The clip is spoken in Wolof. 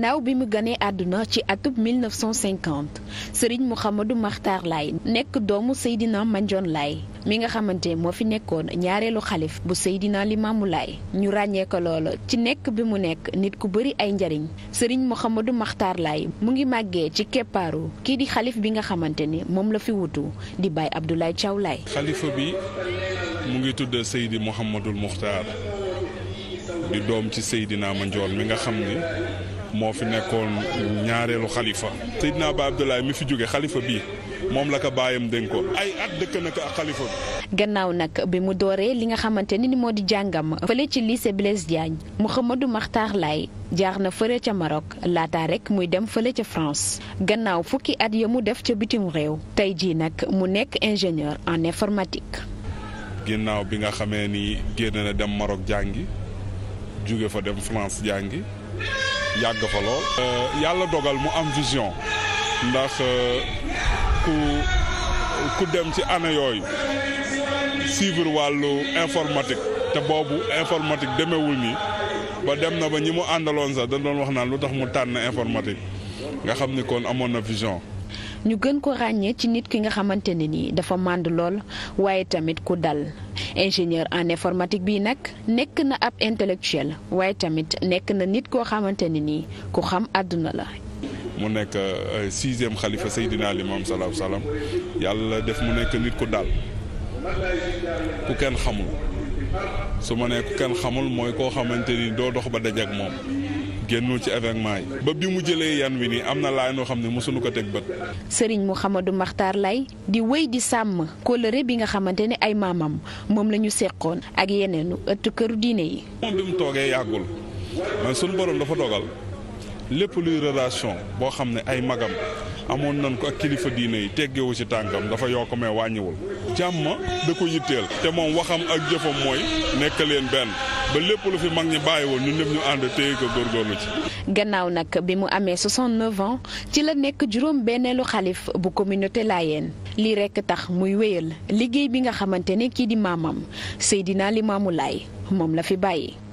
gannaaw bi mu ganee àdduna ci atub 1950 Serigne Mouhamadou Makhtar Laye nekk doomu Seydina Mandione mi nga xamante moo fi nekkoon ñaareelu xalif bu Seydina Limaamu Laye ñu ràññee ko ci nekk bi mu nekk nit ku bari ay njariñ sëriñ Mouhamadou Makhtar Laye mu ngi màggee ci keppaaru kii di xalif bi nga xamante ni moom la fi wutu di Baye Abdoulaye Thiaw Laye xalifa bi mu ngi tudd Seydi Mouhamadou Makhtar di doom ci Seydina Mandione mi nga xam ni moo fi nekkoon ñaareelu xalifa Seydina Ba Abdoulaye mi fi jóge xalifa bi moom la ko bàyyam dénk ko ay at dëkk na ko ak xalifa gannaaw nag bi mu dooree li nga xamante ni moo di jàngam fële ci lycée Blaise Diagne Mouhamadou Makhtar Laye jaar na fële ca Maroc laataa rek muy dem fële ca France gannaaw fukki at ya mu def ca bitim réew tey jii nag mu nekk ingénieur en informatique. ginnaaw bi nga xamee ni génn na dem Maroc jàngi. jóge fa dem France jàngi yàgg fa lool. Euh, yàlla dogal mu am vision ndax euh, ku ku dem ci année yooyu suivre wàllu informatique te boobu informatique demewul nii ba dem na ba ñi mu àndaloon sax da wax naan lu tax mu tànn informatique nga xam ni kon amoon na vision. ñu gën ko ràññee ci nit ki nga xamante ne nii dafa mànd lool waaye tamit ku dal. ingénieur en informatique bii nag nekk na ab intellectuel waaye tamit nekk na nit koo xamante ne nii ku xam àdduna la. mu nekk euh, sixième xalifa Seydina Limaam salaam salaam yàlla def mu nekk nit ku daal ku kenn xamul su ma nekk ku kenn xamul mooy koo xamante ni doo dox ba daj ak moom. génnul ci événement yi ba bi mu jëlee yan wi nii am na laay noo xam ne mosuñu ko teg bët. Serigne Mouhamadou Makhtar laay di wéy di sàmm kóllëre bi nga xamante ne ay maamam moom la seqoon ak yeneenu ëttu këru diine yi. moom bi mu toogee yàggul man sunu borom dafa dogal lépp luy relation boo xam ne ay magam amoon nañ ko ak kilifa diine yi teggewu ci tànkam dafa yokk mais wàññiwul. jàmm da ko yitteel. te moom waxam ak jëfam mooy nekk leen benn. ba lépp lu fi mag ñi bàyyi woon ñun ñu ànd téye ko góorgóorlu ci. gannaaw nag bi mu amee 69 ci la nekk juróom benneelu xalif bu communauté Layène lii rekk tax muy wéyal liggéey bi nga xamante ne kii di maamam Seydina Limaamu Laay moom la fi bàyyi.